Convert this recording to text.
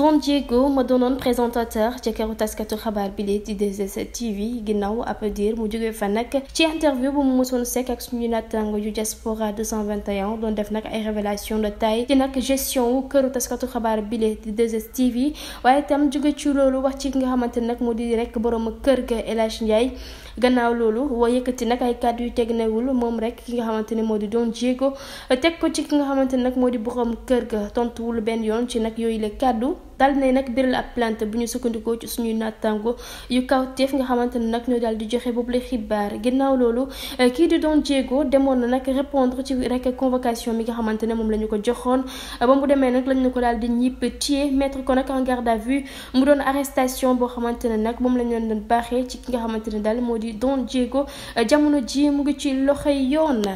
Don Diego ma doonoon présentateur ci këru taskatu xabaar bi léegi di 2S TV ginnaaw ab diir mu jógee fa nag ci interview bu mu mosoon sekk ak suñu naataango yu diaspora 221 doon def nag ay révélation de taille ci nag gestion wu këru taskatu xabaar bi léegi di 2S TV waaye itam jóge ci loolu wax ci ki nga xamante ne nag moo di rek borom kër ga El Hadj gannaaw loolu woo yëkkati nag ay kàddu yu teg newul moom rek ki nga xamante ne moo di Don Diego teg ko ci ki nga xamante ne nag moo di borom kër ga tontuwul benn yoon ci nag yooyu la kàddu. daal ne nag biral ab plainte bu ñu sukkandikoo ci suñuy naataango yu kaw kawteef nga xamante ne nag ñoo daal di joxe boobu la xibaar ginnaaw loolu eh, kii di Don Diego demoon na nag répondre ci rek convocation mi nga xamante ne moom la ñu ko joxoon ba mu demee nag lañ ñu ko daal di ñibb téye mettre ko nag en garde à vue mu doon arrestation boo xamante ne nag moom lañ leen doon baaxee ci ki nga xamante ne daal moo di Don Diego eh, jamono ji mu ngi ci loxoy yoon